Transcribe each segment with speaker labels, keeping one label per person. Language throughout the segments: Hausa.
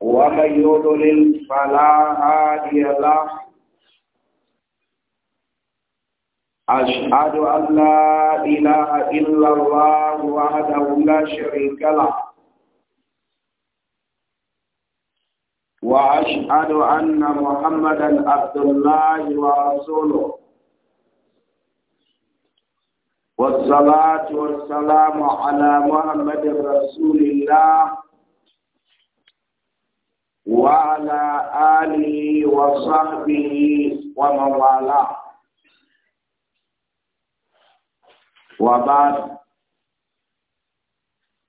Speaker 1: ومن يضلل فلا هادي له أشهد أن لا إله إلا الله وحده لا شريك له وأشهد أن محمدا عبد الله ورسوله والصلاة والسلام على محمد رسول الله وعلى آله وصحبه ومن والاه وبعد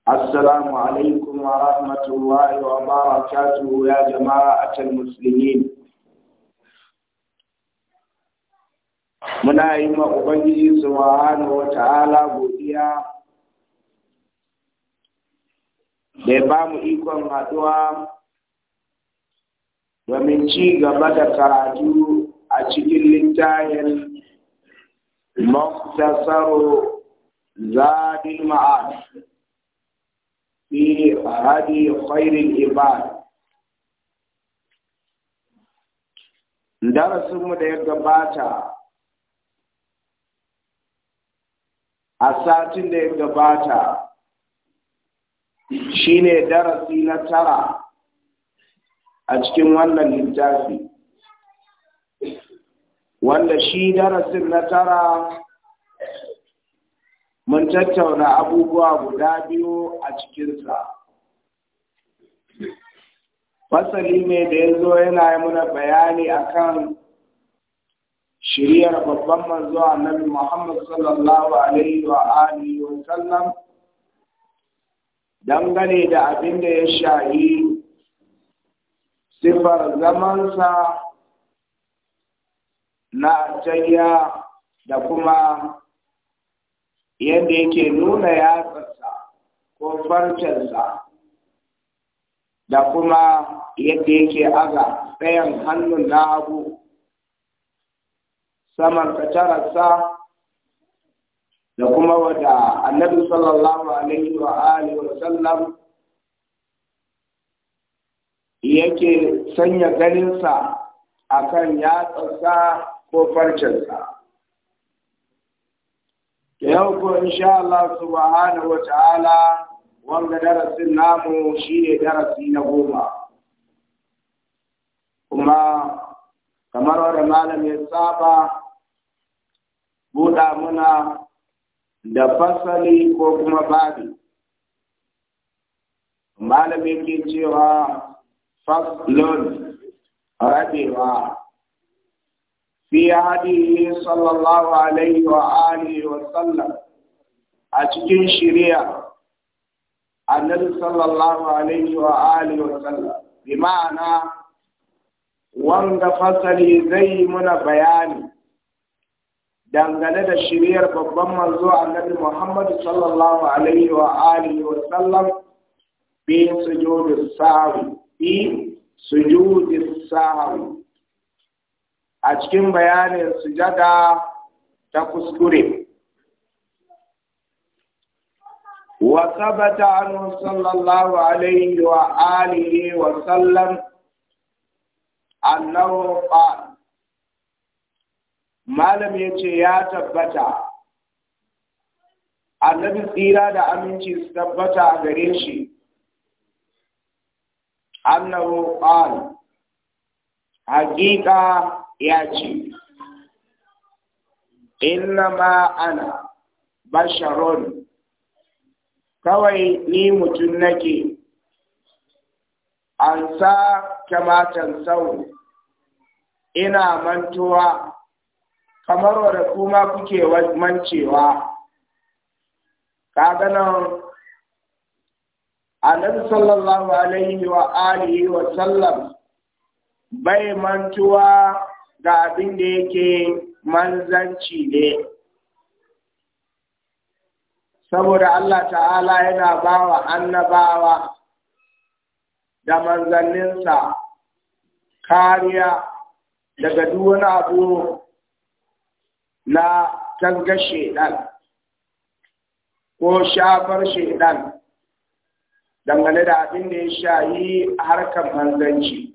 Speaker 1: السلام عليكم ورحمة الله وبركاته يا جماعة المسلمين muna yi ma Ubangiji subhanahu wa ta'ala godiya da ya ba mu ikon haɗuwa domin ci gaba da karatu a cikin littafin muktasaru zaɗin ma'ad fi hadi khairil ibad darasinmu da ya gabata a satin da ya gabata shine darasi na tara a cikin wannan littafi wanda shi darasin na tara mun tattauna abubuwa guda biyu a cikinsa fasali ne da ya zo yana yi muna bayani akan shiriyar babban manzo annabi Muhammad sallallahu alaihi wa alihi wa sallam dangane da abin da ya shahi sifar zamansa na tayya da kuma yadda yake nuna yatsarsa ko farcensa da kuma yadda yake aga tsayan hannun na hagu saman kacararsa da kuma wada annabi sallallahu alaihi wa alihi wa sallam yake sanya ganinsa a kan yatsarsa ko farcensa. Yau ko insha Allah subhanahu wa ta'ala wanda darasin namu shi ne darasi na goma. Kuma kamar wanda malam ya saba buɗa muna da fasali ko kuma babi. Malam yake cewa faslun rabewa fi hadihi sallallahu alaihi wa alihi wa sallam a cikin shari'a annabi sallallahu alaihi wa alihi wa sallam bi ma'ana fasali zai mana bayani dangane da shiriyar babban manzo annabi Muhammad sallallahu alaihi wa alihi wa sallam bi sujudus sawi fi sujudi sahwi a cikin bayanin sujada ta kuskure wa sabata anhu sallallahu alaihi wa alihi wa sallam annahu qala malam yace ya tabbata annabi tsira da aminci su tabbata a gare shi annahu qala haƙiƙa ya ce innama ana basharun kawai ni mutum nake an sa kamatan sau ina mantuwa kamar wadda kuma kuke mancewa kaga nan annabi sallallahu alaihi wa alihi wa sallam bai mantuwa ga abin da yake manzanci ne saboda Allah ta'ala yana bawa annabawa da manzanninsa kariya daga duk abu na tangashe ɗan ko shafar ɗan dangane da abin da ya sha shayi harkar manzanci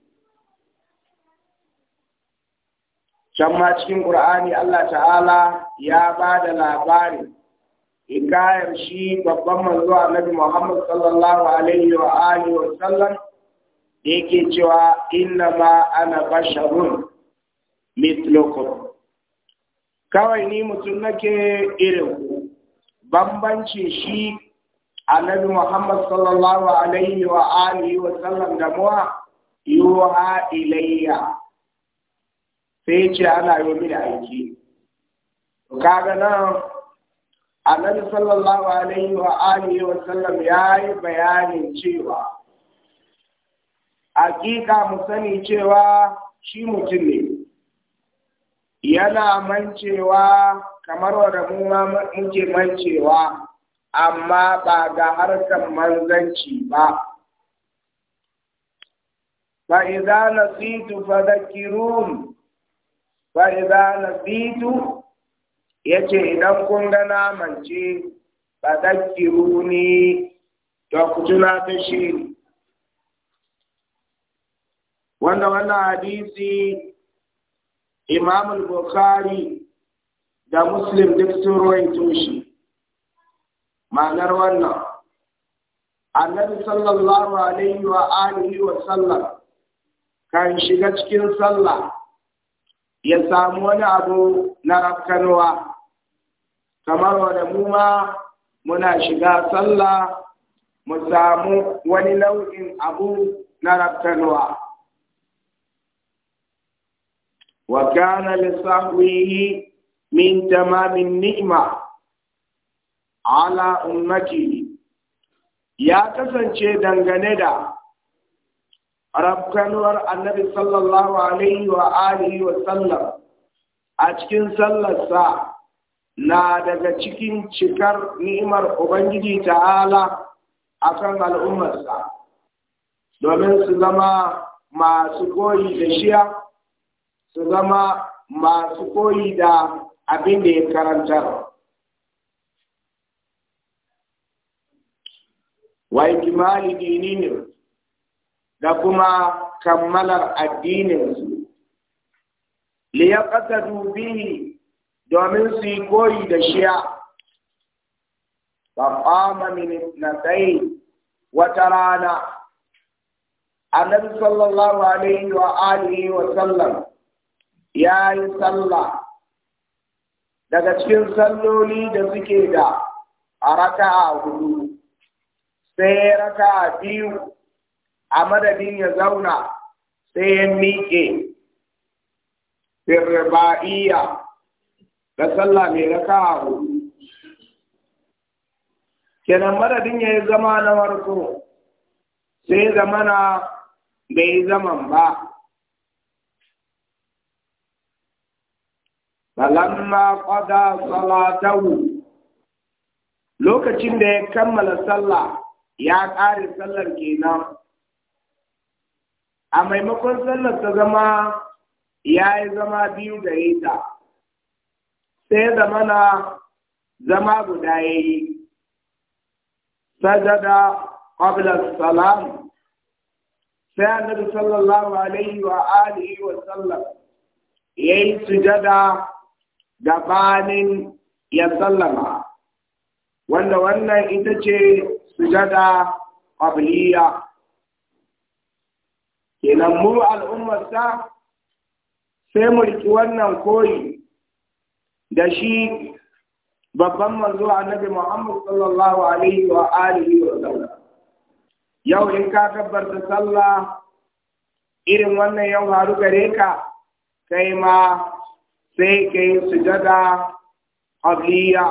Speaker 1: can ma cikin ƙur'ani Allah ta'ala ya ba da labarin. hikayar shi babban manzo annabi Muhammad sallallahu alaihi wa alihi wa sallam yake cewa inna ma ana basharun mitlukum kawai ni mutum nake irin ku bambanci shi annabi Muhammad sallallahu alaihi wa alihi wa sallam da muwa yuha ilayya sai ce ana yi mini aiki kaga nan annabi sallallahu alaihi wa alihi wa sallam ya yi bayanin cewa hakika mu sani cewa shi mutum ne yana mancewa kamar wadda mu muke mancewa amma ba ga harkar manzanci ba fa idza nasitu fadhakkirun yace idan kun ga namance fadhakkiruni ta ku ta shi wanda wannan hadisi Imam bukhari da Muslim duk sun ruwaito shi ma'anar wannan annabi sallallahu alaihi wa alihi wa sallam kan shiga cikin sallah ya samu wani abu na rafkanuwa kamar wanda mu ma muna shiga sallah mu samu wani nau'in abu na rafkanuwa wa kana lisahwihi min tamamin ni'ma ala ummati ya kasance dangane da rafkanuwar annabi sallallahu alaihi wa alihi wa sallam a cikin sallarsa na daga cikin cikar ni'imar ubangiji ta'ala a kan al'ummarsa domin su zama masu koyi da shiya su zama masu koyi da abin da ya karantar wa ikimali dinihim da kuma kammalar addinin addininsu liyaqtadu dubini domin su yi koyi da shiya wata rana. Anan sallallahu alaihi wa alihi wa sallam ya yi sallah. daga cikin salloli da suke da a raka'a hudu sai ya raka biyu a madadin ya zauna sai ya miƙe firba'iya da sallah mai raka hudu kenan madadin ya yi zama na marko, sai zamana bai zaman ba falamma qada salatahu lokacin da ya kammala sallah ya ƙare sallar kenan a maimakon sallar ta zama ya yi zama biyu da ita sai ya zama guda ya yi sajada ƙwabilar salam sai annabi sallallahu alaihi wa alihi wa sallam yayi sujada gabanin ya sallama wanda wannan ita ce sujada qabliya kenan mu al'ummarsa sai mu riki wannan koyi da shi babban manzo annabi Muhammad sallallahu alaihi wa alihi wa sallam yau in ka kabbarta sallah irin wannan yau haru gare ka kai ma sai kai sujada qabliya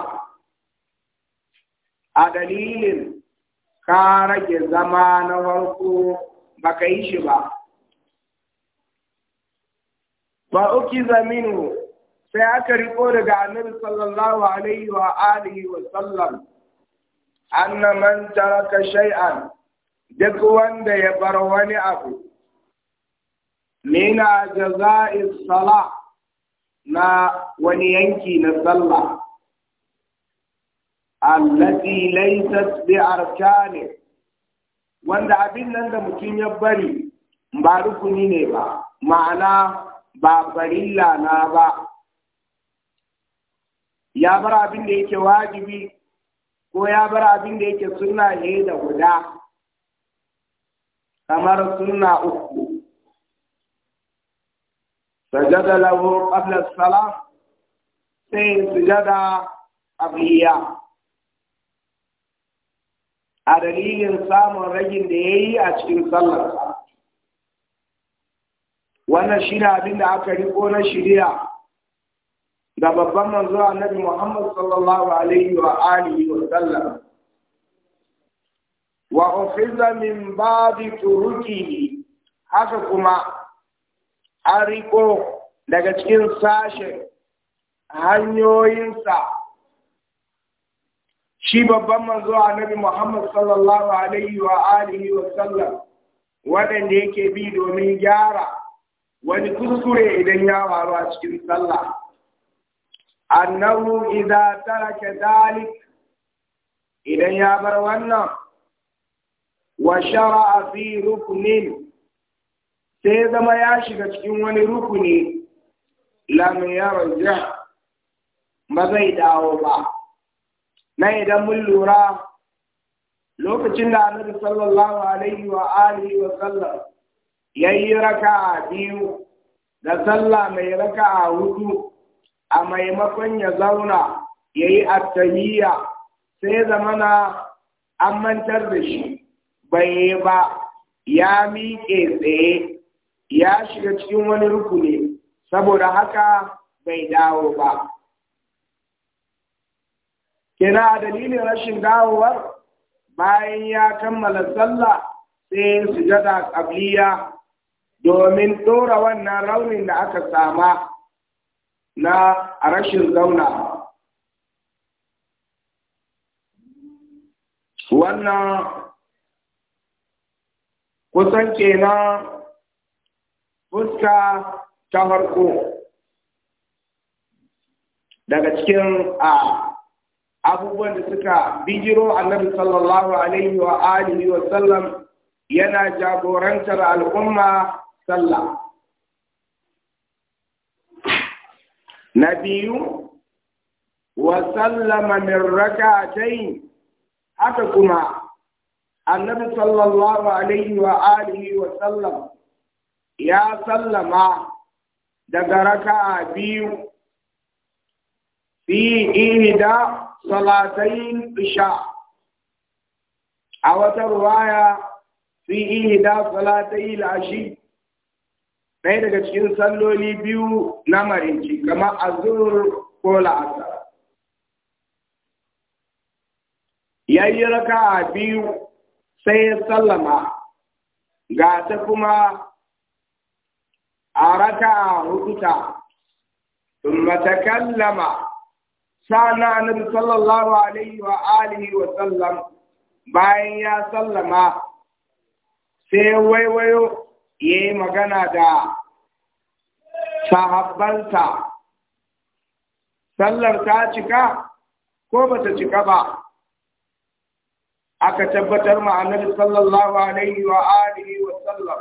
Speaker 1: a dalilin ka rage zama na farko baka yi shi ba ba uki zaminu sai aka riko daga annabi sallallahu alaihi wa alihi wa sallam anna man taraka shay'an duk wanda ya bar wani abu mina jaza'i sala na wani yanki na sallah allati laysat bi arkani wanda abin nan da mutum ya bari ba rukuni ne ba ma'ana ba farilla na ba ya bar abin da yake wajibi ko ya bar abin da yake sunna ne da guda kamar sunna uku sajada lahu qabla as sai sujada abliya a dalilin samun ragin da ya yi a cikin sallar. wannan shi ne abin da aka riko na shirya da babban manzo annabi Muhammad sallallahu alaihi wa alihi wa sallam wa ufiza min ba'di turuki haka kuma an riko daga cikin sashen hanyoyinsa shi babban manzo annabi Muhammad sallallahu alaihi wa alihi wa sallam waɗanda yake bi domin gyara wani kuskure idan ya faru a cikin sallah annahu idza taraka dalik idan ya bar wannan wa shara'a fi ruknin sai zama ya shiga cikin wani rukuni lam yarja ba zai dawo ba na idan mun lura lokacin da annabi sallallahu alaihi wa alihi wa sallam yayi raka'a biyu da sallah mai raka'a hudu a maimakon ya zauna yayi attahiyya sai zamana an mantar da shi bai ba ya miƙe tsaye ya shiga cikin wani rukuni saboda haka bai dawo ba kina dalilin rashin dawowar bayan ya kammala sallah sai sujada ƙabliya domin ɗora wannan raunin da aka sama na rashin zauna wannan kusan kenan fuska ta farko daga cikin a ah, abubuwan da suka bijiro annabi sallallahu alaihi wa alihi wa sallam yana jagorantar al'umma sallah na biyu wa sallama min rak'atayn haka kuma annabi sallallahu alaihi wa alihi wa sallam ya sallama daga raka'a biyu fi ihda salatayn isha a wata ruwaya fi ihda la'ashi, ashi ɗaya daga cikin salloli biyu na marinci kamar azur ko la'asar yayi raka'a biyu sai ya sallama ga ta kuma a raka'a hudu ta ثم تكلم shana annabi sallallahu alaihi wa alihi wa sallam bayan ya sallama sai waiwayo ya yi magana da sahabbansa sallar ta cika ko ba ta cika ba aka tabbatar ma annabi sallallahu alaihi wa alihi wa sallam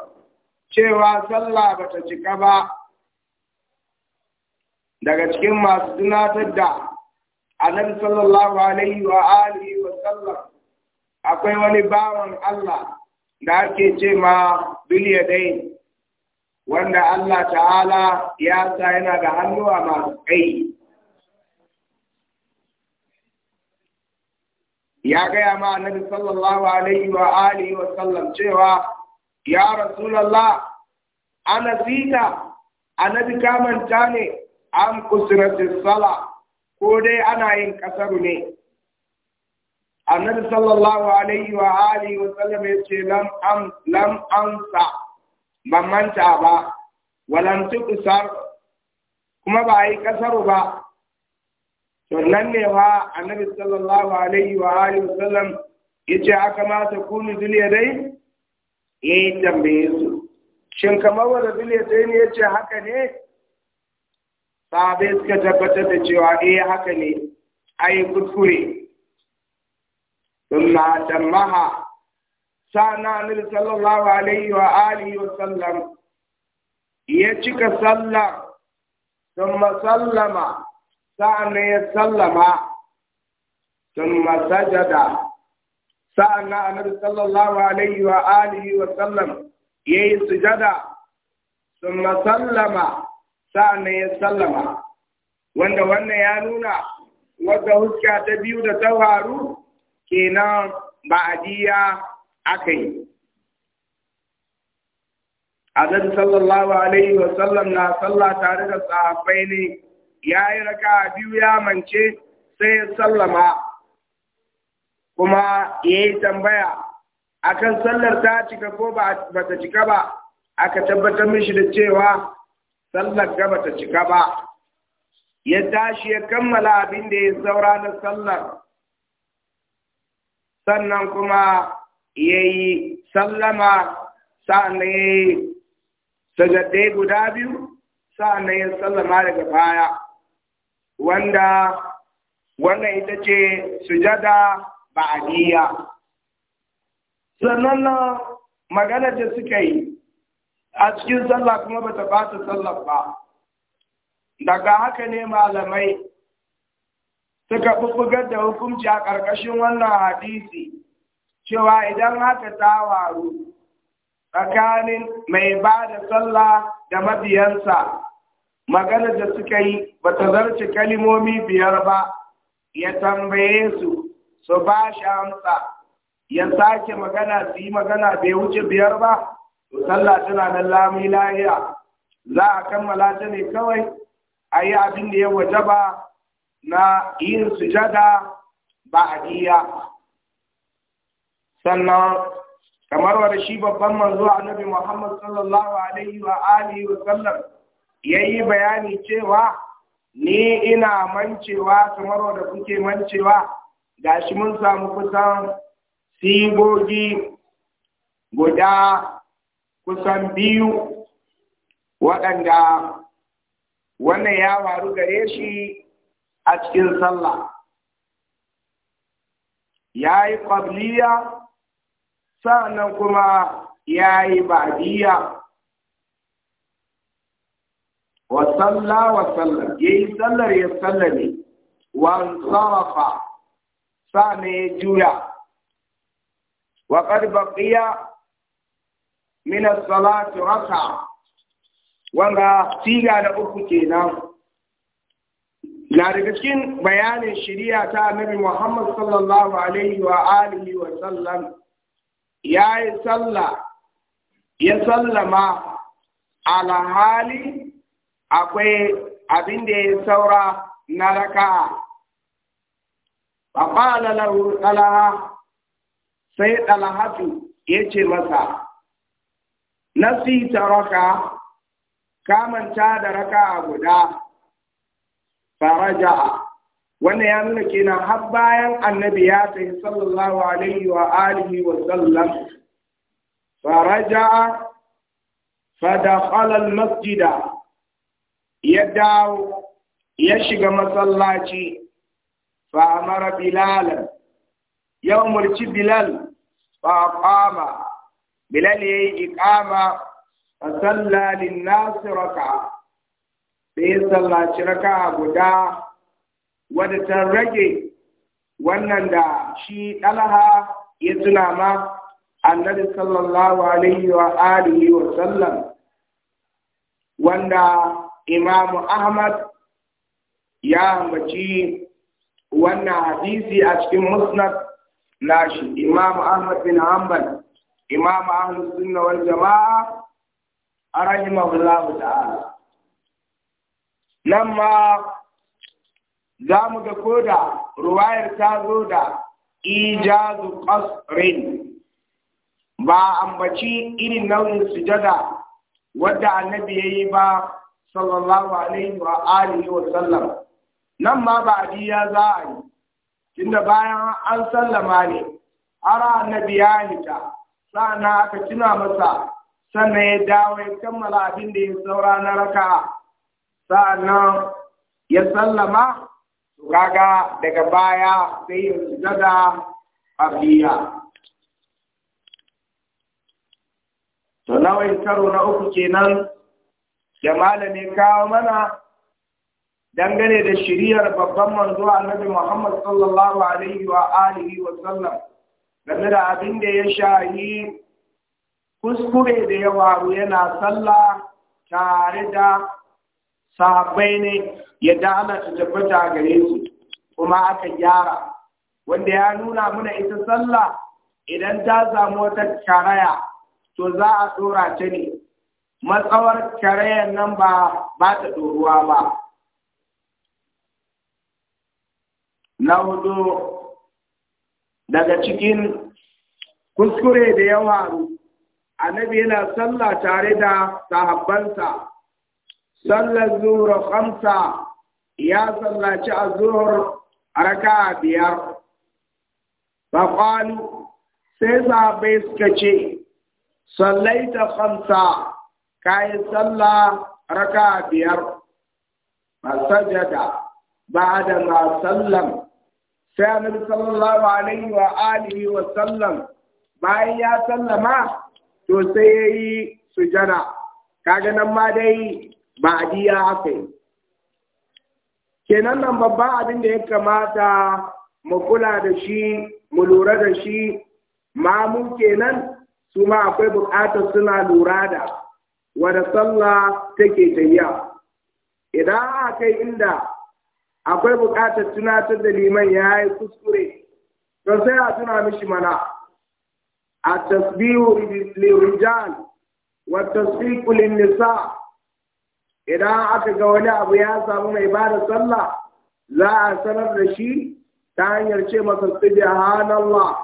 Speaker 1: cewa sallah ba ta cika ba daga cikin masu tunatar da annabi sallallahu alaihi wa alihi wa sallam akwai wani bawan Allah da ake ce ma duniya dai wanda Allah ta'ala ya sa yana da hannuwa masu kai ya gaya ma annabi sallallahu alaihi wa alihi wa sallam cewa ya rasulullah ana fita annabi kamanta ne an kusurati sala ko dai ana yin kasar ne annabi sallallahu alaihi wa alihi wa sallam ce, lam am lam ansa ban manta ba walan tuqsar kuma ba yi kasaru ba to nan ne wa annabi sallallahu alaihi wa alihi wa sallam yace aka ma ta kunu duniya dai eh tambaye su shin kamar wanda duniya dai ne yace haka ne sahabai suka tabbatar da cewa eh haka ne ai kuskure thumma tammaha sana annabi sallallahu alaihi wa alihi wa sallam ya cika sallah thumma sallama sa'an ya sallama thumma sajada sa'an annabi sallallahu alaihi wa alihi wa yayi sujada thumma sallama na ya sallama wanda wannan ya nuna wadda huska ta biyu da ta faru kenan diya aka yi Annabi sallallahu alaihi wa na salla tare da tsafai ne ya yi raka biyu ya mance sai ya sallama kuma ya yi tambaya akan sallar ta cika ko ba ta cika ba aka tabbatar mishi da cewa sallar gaba ta cika ba ya tashi ya kammala abin da ya saura na sallar sannan kuma ya yi sallama sa'an ya yi sajadai guda biyu sa'an ya sallama daga baya wanda wannan ita ce sujada ba'adiyya sannan na magana da suka yi a cikin sallah kuma bata bata sallah ba daga haka ne malamai suka bubbugar da hukunci a ƙarƙashin wannan hadisi cewa idan haka ta waru tsakanin mai ba da sallah da mabiyansa magana da suka yi ba ta zarce kalimomi biyar ba ya tambaye su su ba shi amsa ya sake magana su yi magana bai wuce biyar ba to tana da lami lahiya za a kammala ta ne kawai a yi abin da ya wajaba na yin sujada ba hadiya sannan kamar wa shi babban manzo annabi Muhammad sallallahu alaihi wa alihi wa sallam yayi bayani cewa ni ina mancewa kamar da kuke mancewa gashi mun samu kusan sigogi guda kusan biyu waɗanda wannan ya faru gare shi a cikin sallah ya yi ƙabliya sannan kuma ya yi ba'diya wa salla wa sallar ya yi sallar ya sallame wa sarrafa sannan ya juya wa ƙarfafiya min as raka wanga siga da uku kenan na daga cikin bayanin shari'a ta annabi Muhammad sallallahu alaihi wa alihi wa sallam ya sallama alhali akwai abinda da ya saura na raka a lahu ɗalaha sai ɗalahatu ya ce masa nasi ta raka kamanta da raka guda faraja wannan ya nuna kenan har bayan annabi ya tafi sallallahu alaihi wa alihi wa sallam faraja fadakhala masjida ya dawo ya shiga masallaci fa amara bilal ya umarci bilal fa qama bilal ya yi iqama a sallalin lin nas raka'a sai ya sallaci raka'a guda wadda ta rage wannan da shi ɗalha ya tuna ma annabi sallallahu alaihi wa alihi wa sallam wanda imamu ahmad ya ambaci wannan hadisi a cikin musnad shi imamu ahmad bin hanbal imam ahlus sunna wal jama'a arahimahullahu ta'ala nan ma za mu ga koda ruwayar ta zo da ijazu qasrin ba ambaci irin nau'in sujada wadda annabi yayi ba sallallahu alaihi wa alihi wa sallam nan ma ba ya za a yi tunda bayan an sallama ne ara annabi ya hita sa'ana aka tuna masa sannan ya dawo ya kammala abin da ya saura na raka sa'annan ya sallama raga daga baya sai ya zada abiya to nawai karo na uku kenan da malami kawo mana dangane da shiriyar babban manzo annabi Muhammad sallallahu alaihi wa alihi wa sallam game da abin da ya sha yi kuskure da ya waru yana sallah tare da sahabbai ne ya dana ta tabbata gare su kuma aka gyara wanda ya nuna muna ita sallah idan ta samu wata karaya to za a tsora ta ne matsawar karayar nan ba ba ta ɗoruwa ba na hudu daga cikin kuskure da yawa annabi yana sallah tare da sahabbansa sallar zuhur khamsa ya sallaci azhur raka biyar Bakwalu sai sahabbai suka ce sallaita khamsa kai sallah raka biyar sajada ba'da ma sallam sai annabi sallallahu alaihi wa alihi wa sallam bayan ya sallama to sai yayi sujada kaga nan ma dai ba adiya haka kenan nan babban abin da ya kamata mu kula da shi mu lura da shi ma mamu kenan su ma akwai bukatar suna lura da wada sallah take tayya idan aka kai inda akwai buƙatar tunatar da liman ya yi kuskure don sai a tuna mishi mana a tasbihu lirijal wa tasbihu nisa idan aka ga wani abu ya samu mai ba da sallah za a sanar da shi ta hanyar ce masa subhanallah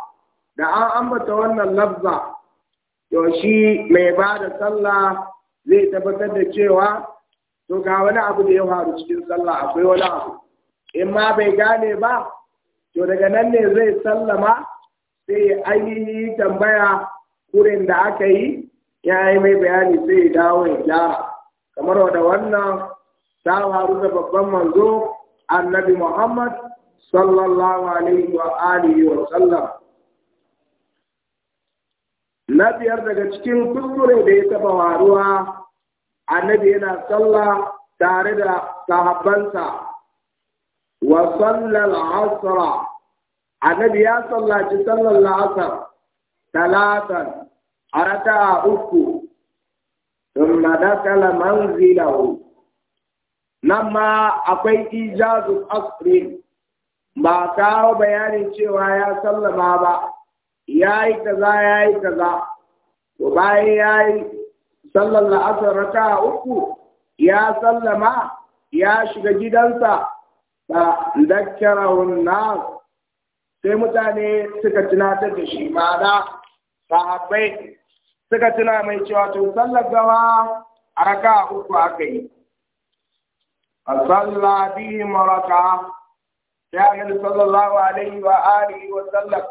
Speaker 1: da an ambata wannan labza. to shi mai ba da sallah zai tabbatar da cewa to ga wani abu da ya faru cikin sallah akwai wani abu in ma bai gane ba to daga nan ne zai sallama sai ainihi tambaya kurin da aka yi ya yi mai bayani sai dawo ya gyara kamar wada wannan ta waru da babban manzo annabi muhammad sallallahu alaihi wa alihi wa sallam na biyar daga cikin kuskure da ya taba waruwa annabi yana sallah tare da sahabbansa wa sallal asra ya sallaci sallar la'asar talatan a raka'a uku thumma dakala manzilahu nan ma akwai ijazu asrin ba kawo bayanin cewa ya sallama ba ya yi kaza ya yi kaza to ya sallar la'asar raka uku ya sallama ya shiga gidansa Da dhakkarahu an sai mutane suka tunatar da shi da sahabbai suka tuna mai cewa to sallar gawa a raka uku aka yi a salla bihi maraka sai annabi sallallahu alaihi wa alihi wa sallam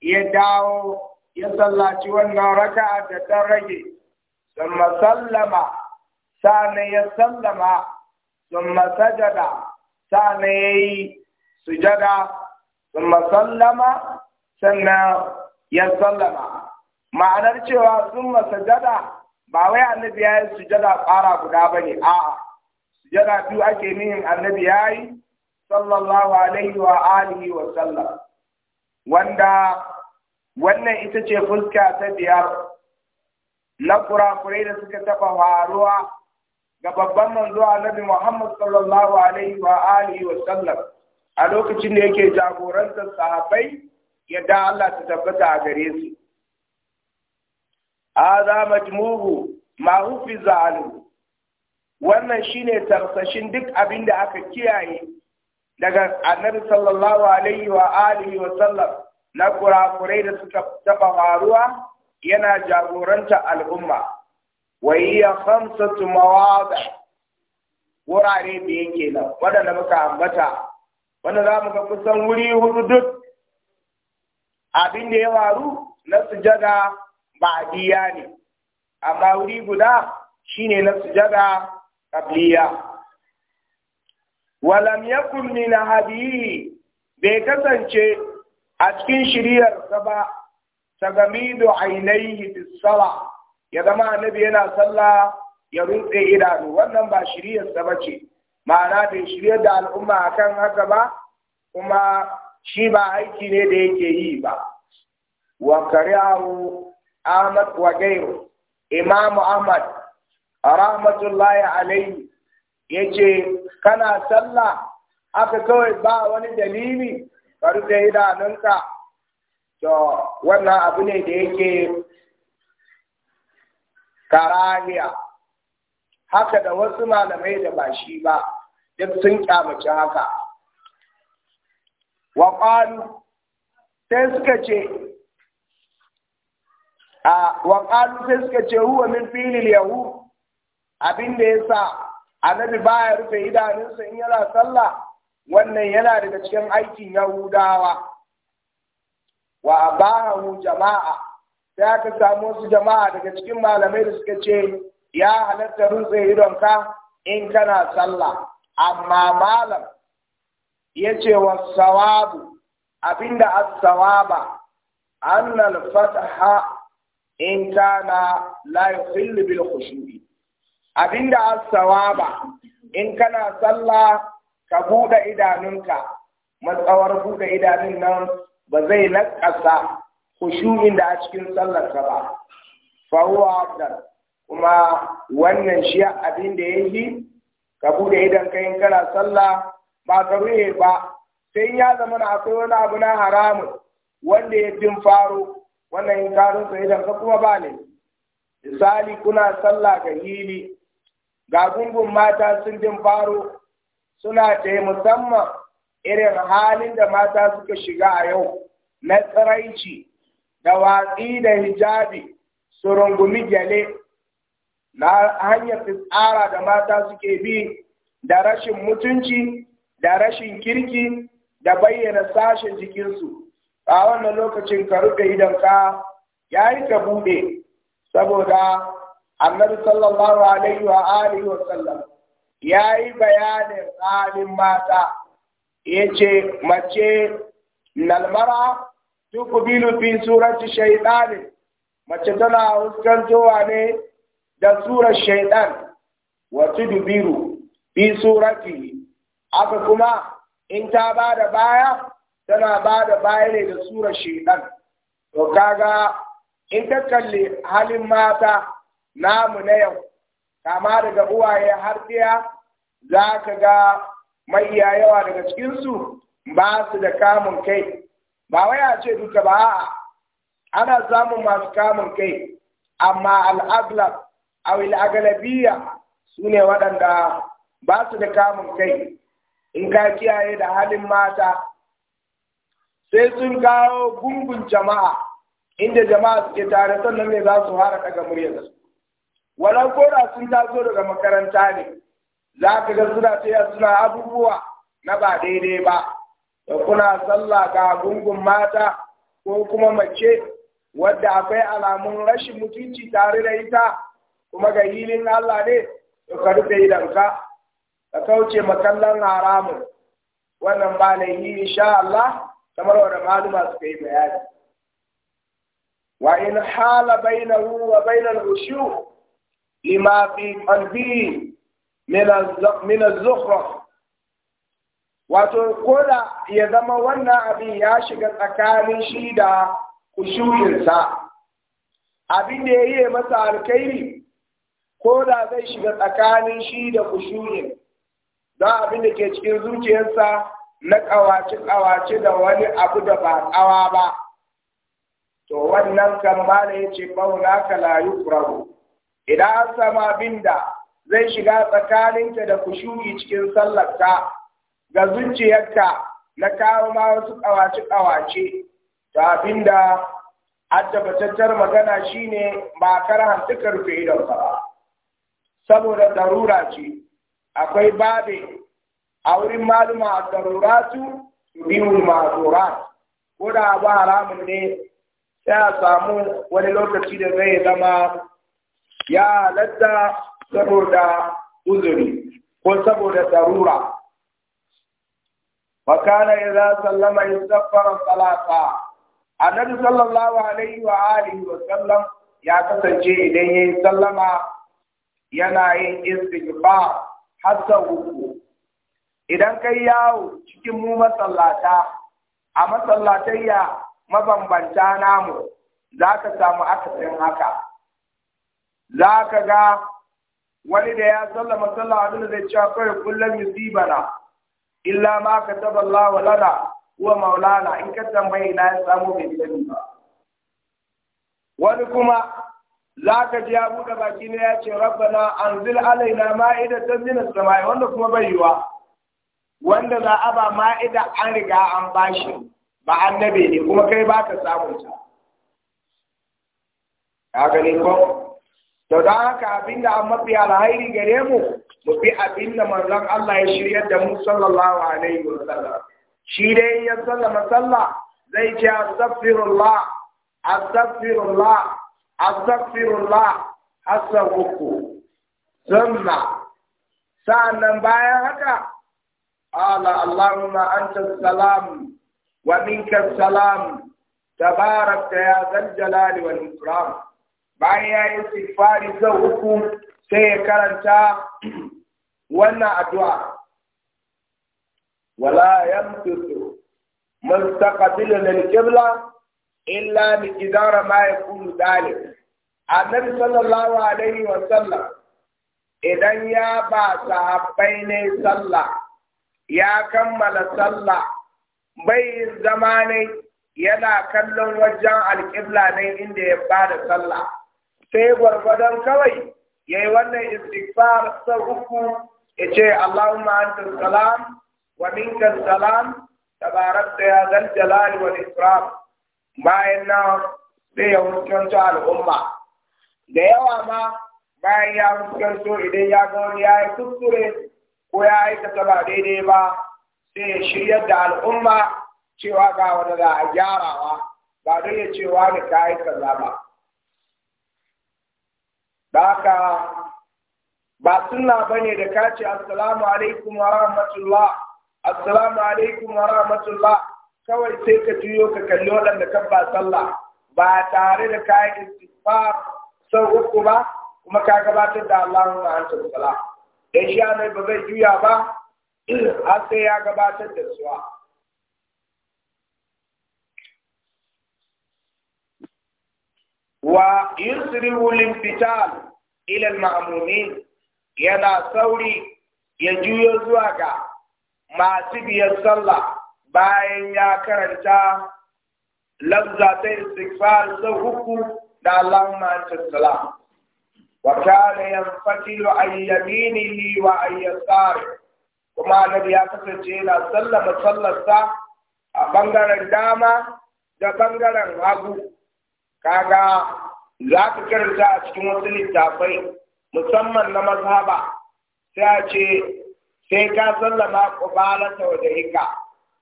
Speaker 1: ya dawo ya sallaci wannan raka da ta rage masallama سلم ya sallama, ثم masajada sa'ana ya yi sujada sun masallama sannan ya sallama ma'anar cewa sun masajada ba wai annabi ya yi sujada ƙara guda ba ne a'a sujada biyu ake nihin annabi ya yi sallallahu alaihi wa alihi wa sallam wanda wannan ita ce fuska ta biyar na kurakurai da suka taɓa faruwa ga babban manzo annabi Muhammad sallallahu alaihi wa alihi wa sallam a lokacin da yake jagorantar sahabbai yadda Allah ta tabbata a gare su hadha majmu'u ma hufiza wannan shine tarsashin duk abin da aka kiyaye daga annabi sallallahu alaihi wa alihi wa sallam na kurakurai da suka taba faruwa yana jagoranta al'umma وهي خمسة مواضع wurare da yake nan waɗanda muka ambata wanda za mu ga kusan wuri hudu duk abin da ya faru na sujada ba'diya ne amma wuri guda shine na sujada qabliya walam yakun min hadiyi bai kasance a cikin shiryarsa ba tagamidu ainihi fi sala ya zama annabi yana sallah ya rutse idanu wannan ba shiriyarsa ba ce ma'ana da shirya da al'umma akan haka ba kuma shi ba aiki ne da yake yi ba wa kariyahu Ahmad wa gairu Imam Ahmad rahmatullahi alaihi yace kana sallah aka kawai ba wani dalili ka rufe idanunka to wannan abu ne da yake karahiya haka da wasu malamai da ba shi ba duk sun kyamaci haka wa qalu sai suka ce wa qalu sai suka ce huwa min filin yahud abin da sa annabi baya rufe idanunsa in yana sallah wannan yana daga cikin aikin yahudawa wa abahu jama'a sai aka samu wasu jama'a daga cikin malamai da suka ce ya halatta rutse idonka in kana sallah amma malam ya ce wa sawabu abinda as-sawaba annal fataha in kana la yuhillu bil khushu'i abinda as-sawaba in kana sallah ka buɗe idanunka matsawar buɗe idanun nan ba zai nakasa khushu'in da a cikin sallar ka ba fa huwa kuma wannan shi abin da yayi ka bude idan kai kana sallah ba ka ruhe ba sai ya zama na akwai wani abu na haramun wanda ya bin faro wannan in karun sa idan ka kuma ba ne misali kuna sallah ga hili ga gungun mata sun bin faro suna ta musamman irin halin da mata suka shiga a yau na tsaraici. da da hijabi su rungumi gyale na hanyar tsara da mata suke bi da rashin mutunci da rashin kirki da bayyana sashen jikinsu a wannan lokacin ka rufe ka ya yi ka buɗe saboda annabi sallallahu alaihi wa alihi wa sallam ya yi bayanin halin mata ya ce mace nalmara tuqbilu fi surati shaytan mace tana fuskantowa ne da surar shaytan wa tudbiru fi surati haka kuma in ta ba da baya tana ba da baya ne da surar shaytan to kaga in ka kalli halin mata namu na yau kama daga uwaye har ɗaya za ka ga mai yawa daga cikinsu ba su da kamun kai ba wai a ce duka ba ana samun masu kamun kai amma al'aglab a al'aglabiya su ne waɗanda ba su da kamun kai in ka kiyaye da halin mata sai sun kawo gungun jama'a inda jama'a suke tare sannan ne za su fara daga muryarsu walau da sun taso daga makaranta ne za ka ga suna taya suna abubuwa na ba daidai ba da kuna sallah ga gungun mata ko kuma mace wadda akwai alamun rashin mutunci tare da ita kuma ga hilin Allah ne da ka rufe idanka ka kauce makallan haramun wannan ba na yi insha Allah kamar wanda maluma suka yi bayani wa in hala bainahu wa bainal ushu lima fi qalbi min az zukhra wato koda ya zama wannan abin ya shiga tsakanin shi da kushuyinsa abin da ya yi masa alkairi koda zai shiga tsakanin shi da kushuyin don abin da ke cikin zuciyarsa na ƙawace kawace da wani abu da ba kawa ba to wannan kan ba ya ce bauna ka layu kurabu idan an sama abin da zai shiga tsakaninta da kushuyi cikin sallarta ga zuciyarta na kawo ma wasu ƙawace-ƙawace to abinda da tabbatattar magana shine ba karhan hantukar rufe idon ba saboda darura ce akwai babe a wurin maluma a daruratu ma ma'azura ko da ba haramun ne sai a samu wani lokaci da zai zama ya halatta saboda uzuri ko saboda darura وكان إذا سلم يستغفر ثلاثا النبي صلى الله عليه وآله وسلم يا kasance idan ya yi sallama yana yin istighfar har uku idan kai yawo cikin mu masallata a masallatayya mabambanta namu za ka samu akasin haka za ka ga wani da ya sallama sallah abin da zai cewa kawai kullum yusibana illa ma kataba Allah lana wa maulana in ka tambaye na ya samu bai sani ba wani kuma za ka ji ya buɗe baki ne ya ce rabbana anzil alaina ma'idatan min as-sama'i wanda kuma bai yiwa wanda za a ba ma'ida an riga an bashi ba annabi ne kuma kai ba ka samun ta ka gani ko to don haka abinda da an mafi alhairi gare mu mu bi abinda da manzon Allah ya shirya da mu sallallahu alaihi wa sallam shi dai ya sallama sallah zai ce astaghfirullah astaghfirullah astaghfirullah hasan uku sunna sa'annan bayan haka ala allahumma anta salam wa minka salam tabarakta ya zal jalali wal ikram bayan ya yi sifari sau uku sai ya karanta wannan addu'a wala yamtutu mustaqbilan lil-qibla illa miqdara ma yakunu dalik annabi sallallahu alaihi wa sallam idan ya ba haɓai ne sallah ya kammala sallah bai zama ne yana kallon wajen alƙibla ne inda ya ba da sallah sai gwargwadon kawai ya yi wannan istighfar sau uku ya ce Allahumma anta salam wa minka salam tabarakta ya zal jalali wal ikram bayan na ya huskanto al'umma da yawa ma bayan ya huskanto idan ya ga wani ya yi kuskure ko ya aikata ba daidai ba sai ya shiryar da al'umma cewa ga wani da a gyarawa ba don ya cewa da ka yi kaza ba baka ba sunna bane da ka ce assalamu alaikum wa rahmatullah assalamu alaikum wa rahmatullah kawai sai ka juyo ka kalli waɗanda kan ba sallah ba tare da kayan istighfar sau uku ba kuma ka gabatar da Allah Allahumma anta salam dan shi ba zai juya ba har sai ya gabatar da suwa ويسرع الانفتال إلى المأمومين yana sauri ya juyo zuwa ga masu sallah bayan ya karanta lafza ta istighfar sau uku da Allahumma anta salam wa kana yanfatilu an yaminihi wa an yasari kuma annabi ya kasance yana sallama sallarsa a bangaren dama da bangaren hagu kaga za ka karanta a cikin wasu littafai musamman na mazhaba sai a ce sai ka sallama kubalata wa dahika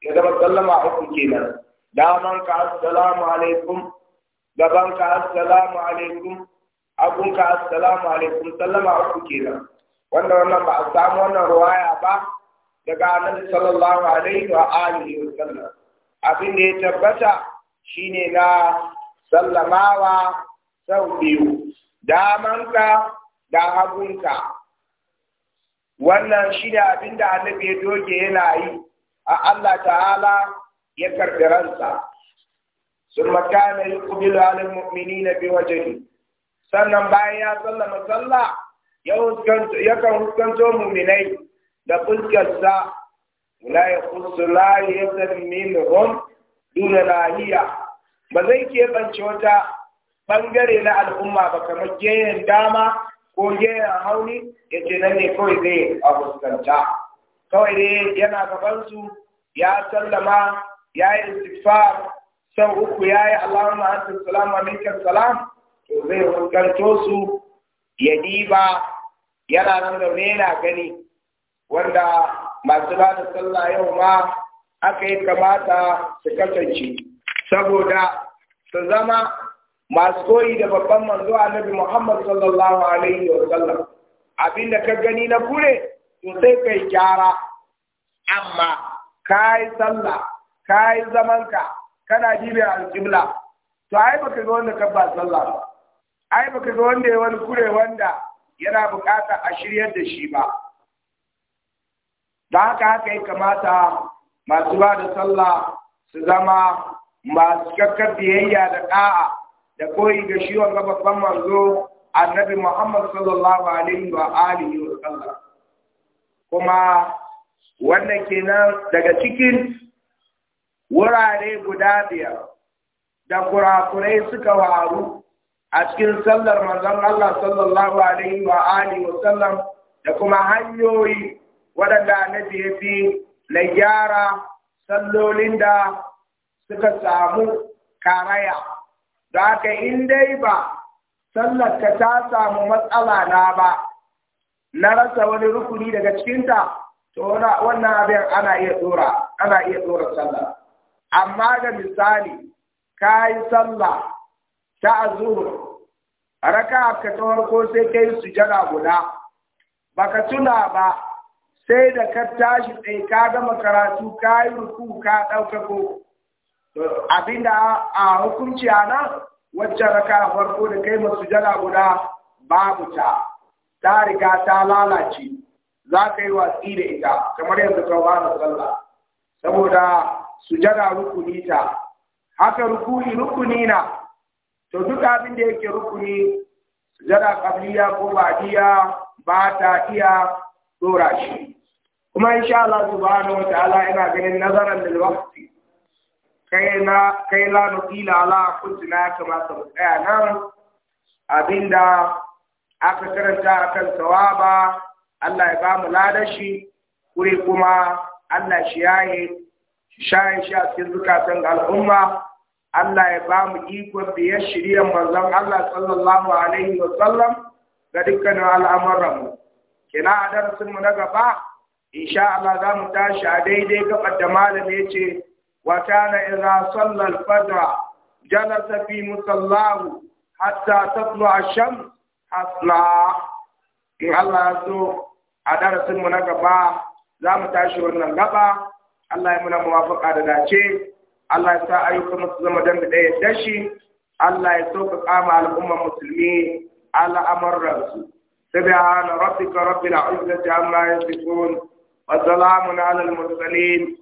Speaker 1: ya zama sallama uku kenan daman ka assalamu alaikum gaban ka assalamu alaikum abun ka assalamu alaikum sallama uku kenan wanda wannan ba a samu wannan ruwaya ba daga annabi sallallahu alaihi wa alihi wa sallam abin da ya tabbata shine na sallamawa sau biyu damanka da hagunka wannan shi ne abin da annabi ya doge yana yi a Allah ta'ala ya karɓi ransa sun makana yi ƙubilu alin mu'mini na biyu wajen sannan bayan ya sallama sallah ya kan huskanto muminai da fuskarsa la ya kusa la ya yi min duna lahiya ba zai keɓance wata ɓangare na al'umma ba kamar gehen dama ko gehen hauni ya ce nan ne kawai zai a fuskanta kawai dai yana gabansu ya sallama ya yi istighfar sau uku ya yi allahumma antum salam wa salam to zai fuskanto su ya diba yana nan da yana gani wanda masu ba da sallah yau ma aka yi kamata su kasance saboda su zama masu koyi da babban manzo annabi Muhammad sallallahu alaihi wa sallam abinda ka gani na kure to sai kai gyara amma kai sallah kai ka kana jibin alƙibla to ai baka ga wanda ka ba sallah ba ai baka ga wanda ya wani kure wanda yana bukata a shiryar da shi ba da haka haka ya kamata masu ba da sallah su zama masu cikakkar biyayya da ɗa'a da koyi da shi wanga babban manzo annabi Muhammad sallallahu alaihi wa alihi wa sallam kuma wannan kenan daga cikin wurare guda biyar da kurakurai suka waru a cikin sallar manzon Allah sallallahu alaihi wa alihi wa sallam da kuma hanyoyi waɗanda annabi ya fi na gyara sallolin da suka samu karaya da haka in dai ba sallar ka ta samu matsala na ba na rasa wani rukuni daga cikinta to wannan abin ana iya tsora ana iya tsora sallar amma ga misali ka yi sallah ta azuru raka ka ta farko sai ka yi sujada guda baka tuna ba sai da ka tashi tsaye ka gama karatu ka yi ruku ka ɗaukako abinda a hukunci a nan wacce raka farko da kai masu jala guda babu ta ta riga ta lalace za ka yi watsi da ita kamar yadda ka fara sallah saboda sujada rukuni ta haka rukuni rukuni na to duk abin da yake rukuni su jala qabliya ko badiya ba ta iya dora shi kuma insha Allah subhanahu wa ta'ala ina ganin nazaran lil waqti kai la nukila ala na kamata mu tsaya nan abinda aka karanta akan sawaba Allah ya bamu ladashi kure kuma Allah shi yaye shayin shi a cikin zukatan al'umma Allah ya bamu ikon biyar shirya manzon Allah sallallahu alaihi wa sallam ga dukkanin al'amuran mu kina a darasin mu na gaba insha Allah za mu tashi a daidai gabar da malami ya ce وكان إذا صلى الفجر جلس في مصلاه حتى تطلع الشمس أصلا إن الله يسوع أدار من قبا لا متأشر قبا الله يمنع موافق على داشي الله يسعى أيكم مسلم دم بداية داشي الله يسوق قام على الأمة المسلمين على أمر رأسه سبحان ربك رب العزة عما يصفون وسلام على المرسلين